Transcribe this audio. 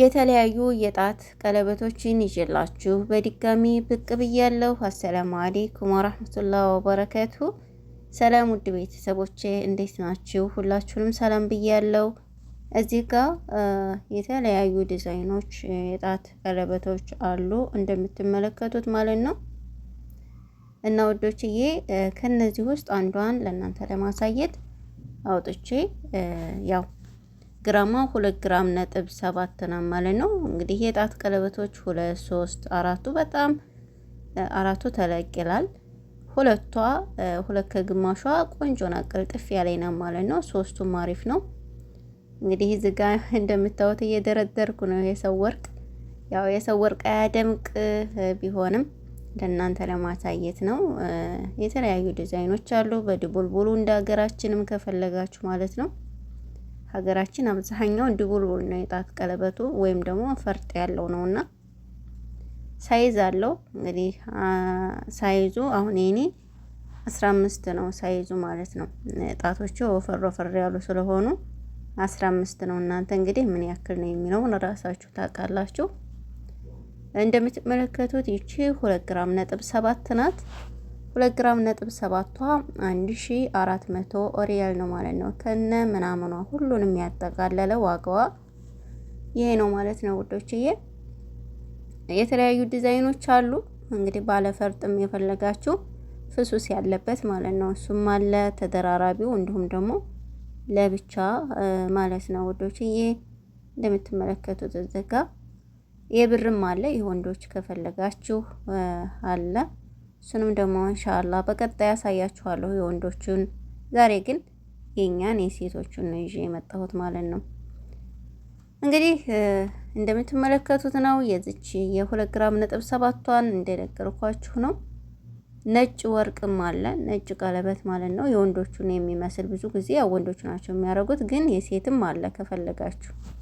የተለያዩ የጣት ቀለበቶችን ይዤላችሁ በድጋሚ ብቅ ብያለሁ። አሰላሙ አሌይኩም ወራህመቱላህ ወበረከቱ። ሰላም ውድ ቤተሰቦቼ እንዴት ናችሁ? ሁላችሁንም ሰላም ብያለሁ። እዚህ ጋር የተለያዩ ዲዛይኖች የጣት ቀለበቶች አሉ እንደምትመለከቱት ማለት ነው። እና ወዶችዬ ከነዚህ ውስጥ አንዷን ለእናንተ ለማሳየት አውጥቼ ያው ግራማ ሁለት ግራም ነጥብ ሰባት ነው ማለት ነው። እንግዲህ የጣት ቀለበቶች ሁለት ሶስት አራቱ በጣም አራቱ ተለቅ ይላል። ሁለቷ ሁለት ከግማሿ ቆንጆ ናት፣ ቅልጥፍ ያለ ነው ማለት ነው። ሶስቱም አሪፍ ነው። እንግዲህ እዚህ ጋር እንደምታዩት እየደረደርኩ ነው። የሰው ወርቅ ያው የሰው ወርቅ አያደምቅ ቢሆንም ለእናንተ ለማሳየት ነው። የተለያዩ ዲዛይኖች አሉ። በድቡልቡሉ እንደ ሀገራችንም ከፈለጋችሁ ማለት ነው። ሀገራችን አብዛኛው ድቡልቡል ነው የጣት ቀለበቱ ወይም ደግሞ ፈርጥ ያለው ነው እና ሳይዝ አለው እንግዲህ ሳይዙ አሁን የኔ አስራ አምስት ነው ሳይዙ ማለት ነው። ጣቶቹ ወፈር ወፈር ያሉ ስለሆኑ አስራ አምስት ነው። እናንተ እንግዲህ ምን ያክል ነው የሚለውን ራሳችሁ ታውቃላችሁ። እንደምትመለከቱት ይቺ ሁለት ግራም ነጥብ ሰባት ናት። ሁለት ግራም ነጥብ ሰባቷ አንድ ሺ አራት መቶ ሪያል ነው ማለት ነው። ከነ ምናምኗ ሁሉንም ያጠቃለለ ዋጋዋ ይሄ ነው ማለት ነው ውዶችዬ። የተለያዩ ዲዛይኖች አሉ እንግዲህ ባለፈርጥም የፈለጋችሁ ፍሱስ ያለበት ማለት ነው። እሱም አለ ተደራራቢው፣ እንዲሁም ደግሞ ለብቻ ማለት ነው ውዶችዬ። እንደምትመለከቱት እዚህ ጋ የብርም አለ የወንዶች ከፈለጋችሁ አለ እሱንም ደግሞ እንሻላ በቀጣይ ያሳያችኋለሁ የወንዶቹን። ዛሬ ግን የእኛን የሴቶቹን ነው ይዤ የመጣሁት ማለት ነው። እንግዲህ እንደምትመለከቱት ነው የዚች የሁለት ግራም ነጥብ ሰባቷን እንደነገርኳችሁ ነው። ነጭ ወርቅም አለ ነጭ ቀለበት ማለት ነው። የወንዶቹን የሚመስል ብዙ ጊዜ ያው ወንዶቹ ናቸው የሚያደርጉት፣ ግን የሴትም አለ ከፈለጋችሁ